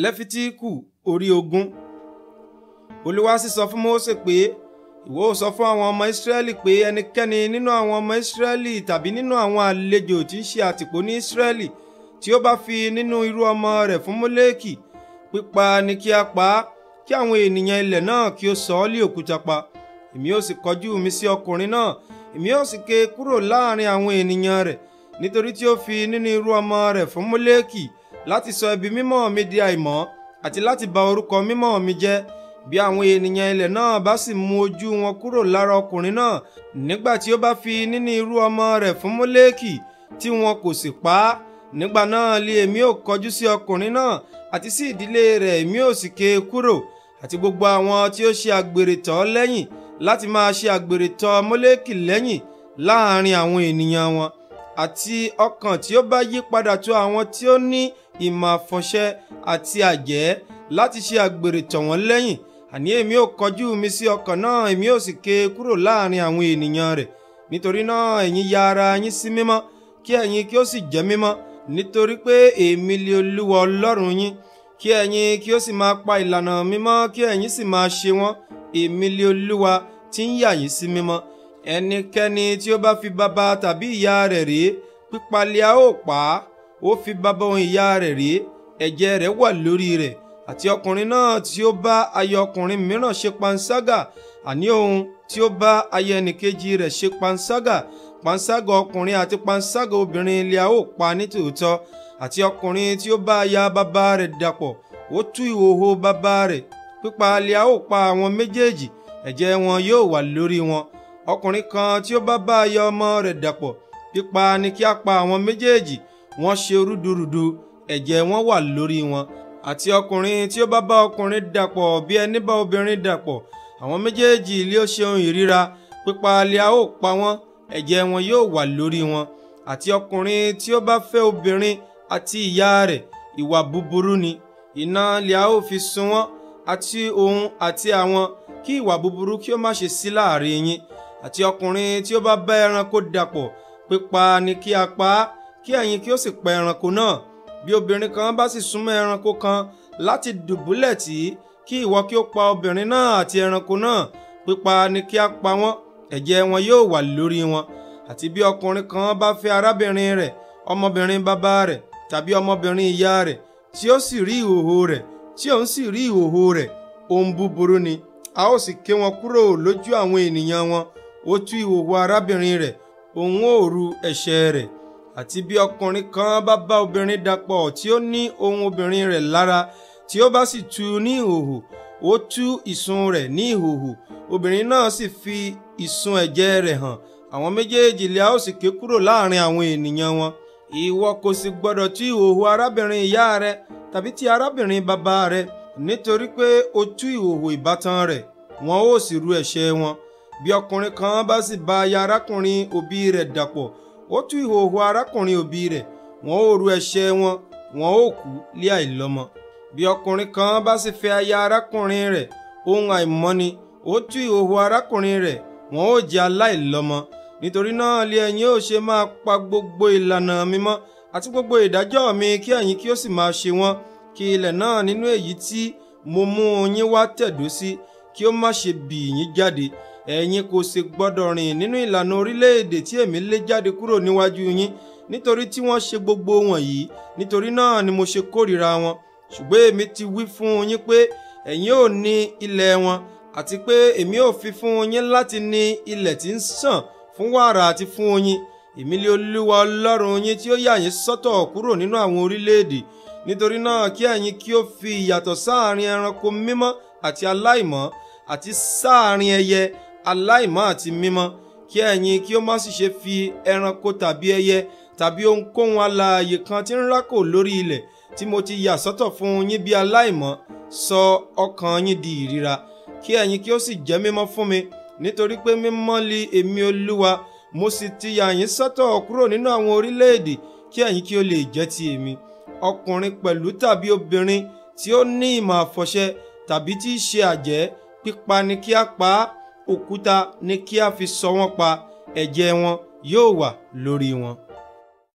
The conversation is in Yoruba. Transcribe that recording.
lẹ́fítíkù orí ogún olúwa sì sọ fún Mósè pé ìwọ ó sọ fún àwọn ọmọ ìsírẹ́lì pé ẹnikẹ́ni nínú àwọn ọmọ ìsírẹ́lì tàbí nínú àwọn àlejò tí ń ṣe àtìpó ní ìsírẹ́lì tí ó bá fi nínú irú ọmọ rẹ̀ fún móléèkì pípa ni kí a pa á kí àwọn ènìyàn ilẹ̀ náà kí ó sọ ọ́ lé òkúta pa èmi ó sì kọjú mi sí ọkùnrin náà èmi ó sì ké kúrò láàrin àwọn ènìyàn rẹ̀ nítorí tí ó fi nínú irú ọmọ rẹ̀ fún móléèkì láti sọ ibi mímọ́ mi di àìmọ́ àti láti ba orúkọ mímọ́ mi jẹ́ bí àwọn ènìyàn ilẹ̀ náà bá sì mú ojú wọn kúrò lára ọkùnrin náà nígbà tí ó bá fi níní irú ọmọ rẹ̀ fún Mólékì tí wọn kò sì pa á nígbà náà lé èmi ò kọjú sí ọkùnrin náà àti sí ìdílé rẹ̀ èmi ò sì ké e kúrò àti gbogbo àwọn tí ó ṣe àgbèrè lẹ́yìn láti máa ṣe àgbèrè tọ́ lẹ́yìn láàárín àwọn ènìyàn wọn àti ọkàn tí ó bá yí padà tó àwọn tí ó ní ìmọ̀ àfọ̀ṣẹ àti àjẹ́ láti ṣe àgbèrè tọ̀ wọ́n lẹ́yìn àní èmi ò kọjú mi sí ọkàn náà èmi ò sì ké kúrò láàrin àwọn ènìyàn rẹ̀ nítorí náà ẹ̀yin ya ara yín sí mímọ́ kí ẹ̀yin kí ó sì jẹ́ mímọ́ nítorí pé èmi lè olúwa ọlọ́run yín kí ẹ̀yin kí ó sì máa pa ìlànà mímọ́ kí ẹ̀yin sì máa ṣe wọ́n èmi lè olúwa tí ń yà yín sí mímọ́ ẹnikẹ́ni tí ó bá fi baba tàbí ìyá rẹ̀ ré pípa ó pa á ó fi baba òun ìyá rẹ̀ ré ẹ̀jẹ̀ rẹ̀ wà lórí rẹ̀ àti ọkùnrin náà tí ó bá aya ọkùnrin mìíràn ṣe panṣágà àní òun tí ó bá aya ẹnìkejì rẹ̀ ṣe panṣágà panṣágà ọkùnrin àti panṣágà obìnrin ni a ó pa nítòótọ́ àti ọkùnrin tí ó bá aya baba rẹ̀ dàpọ̀ ó tú ìhòhò baba rẹ̀ pípa ni ó pa àwọn méjèèjì ẹ̀jẹ̀ wọn yóò wà lórí wọn ọkùnrin kan tí ó bá bá aya ọmọ rẹ̀ dàpọ̀ pípa ni kí a pa àwọn méjèèjì wọ́n ṣe rúdurùdu ẹ̀jẹ̀ wọn wà lórí wọn àti ọkùnrin tí ó bá bá ọkùnrin dàpọ̀ bí ẹni bá obìnrin dàpọ̀ àwọn méjèèjì ilé ó ṣe ohun ìríra pípa lé a ó pa wọ́n ẹ̀jẹ̀ wọn yóò wà lórí wọn àti ọkùnrin tí ó bá fẹ́ obìnrin àti ìyá rẹ̀ ìwà búburú ni iná lé a ó fi sun wọ́n àti òun àti àwọn kí ìwà búburú kí ó má ṣe sí láàrin yín àti ọkùnrin tí ó bá bá ẹranko dàpọ̀ pípa ni kí a pa á kí ẹ̀yin kí ó sì pa ẹranko náà bí obìnrin kan bá sì súnmọ́ ẹranko kan láti dùbúlẹ̀ tì í kí ìwọ kí ó pa obìnrin náà àti ẹranko náà pípa ni kí a pa wọ́n ẹ̀jẹ̀ wọn yóò wà lórí wọn àti bí ọkùnrin kan bá fẹ́ arábìnrin rẹ̀ ọmọbìnrin bàbá rẹ̀ tàbí ọmọbìnrin ìyá rẹ̀ tí ó sì rí ìhòhò rẹ̀ tí òun sì rí ìhòhò rẹ̀ ohun búburú ni a ó sì ké wọn kúrò lójú àwọn ènìyàn wọn ó tú ìhòòhò arábìnrin rẹ̀ òun ó ru ẹ̀ṣẹ̀ rẹ̀ àti bí ọkùnrin kan bá bá obìnrin dapọ̀ tí ó ní ohun obìnrin rẹ̀ lára tí ó bá sì tú ní ìhòòhò ó tú ìsun rẹ̀ ní ìhòòhò obìnrin náà sì fi ìsun ẹ̀jẹ̀ rẹ̀ hàn àwọn méjèèjì lè a ó sì ké kúrò láàrin àwọn ènìyàn wọn ìwọ kò sì gbọdọ̀ tú ìhòòhò arábìnrin ìyá rẹ tàbí ti arábìnrin bàbá rẹ nítorí pé o tú ìhòòhò ìbátan rẹ̀ wọn ó sì ru ẹ̀ṣẹ̀ wọn bí ọkùnrin kan bá sì bá aya arákùnrin òbí rẹ̀ dàpọ̀ ó tú ìhòòhò arákùnrin òbí rẹ̀ wọn ó ru ẹ̀ṣẹ̀ wọn wọn ó kú lé àìlọ́mọ bí ọkùnrin kan bá sì fẹ́ aya arákùnrin rẹ̀ ohun àìmọ́ni ó tú ìhòòhò arákùnrin rẹ̀ wọn ó jẹ́ aláìlọ́mọ nítorí náà lé ẹ̀yin ó ṣe máa pa gbogbo ìlànà mi mọ́ àti gbogbo ìdájọ́ mi kí ẹ̀yin kí ó sì máa ṣe wọ́n kí ilẹ̀ náà nínú èyí tí mo mú yín wá tẹ̀dó sí kí ó má ṣe bì yín jáde ẹ̀yin kò sì gbọ́dọ̀ rìn nínú ìlànà orílẹ̀-èdè tí èmi lé jáde kúrò níwájú yín nítorí tí wọ́n ṣe gbogbo wọ̀nyí nítorí náà ni mo ṣe kórìíra wọn ṣùgbọ́n èmi ti wí fún yín pé ẹ̀yin ò ní ilẹ̀ wọn àti pé èmi ò fi fún yín láti ní ilẹ̀ tí ń sàn fún wàrà àti fún oyin èmi lé olúwa ọlọ́run yín tí ó yà yín sọ́tọ̀ kúrò nínú àwọn orílẹ̀-èdè nítorí náà kí ẹ̀yin kí ó fi ìyàtọ̀ sáàrin ẹranko mímọ́ àti aláìmọ́ àti sáàrin ẹyẹ aláìmọ́ àti mímọ́ kí ẹ̀yin kí ó má sì ṣe fi ẹranko tàbí ẹyẹ tàbí ohunkóhun alààyè kan tí ń rákò lórí ilẹ̀ tí mo ti yà sọ́tọ̀ fún yín bí aláìmọ́ sọ ọkàn yín di ìríra kí ẹ̀yin kí ó sì jẹ́ mímọ́ fún mi nítorí pé mímọ́ li èmi olúwa mo sì ti yà yín sọ́tọ̀ kúrò nínú àwọn orílẹ̀-èdè kí ẹ̀yin kí ó lè jẹ́ ti èmi ọkùnrin pẹ̀lú tàbí obìnrin tí ó ní ìmọ̀ àfọ̀ṣẹ tàbí tí ṣe àjẹ́ pípa ni kí á pa á òkúta ni kí a fi sọ wọ́n pa ẹ̀jẹ̀ wọn yóò wà lórí wọn.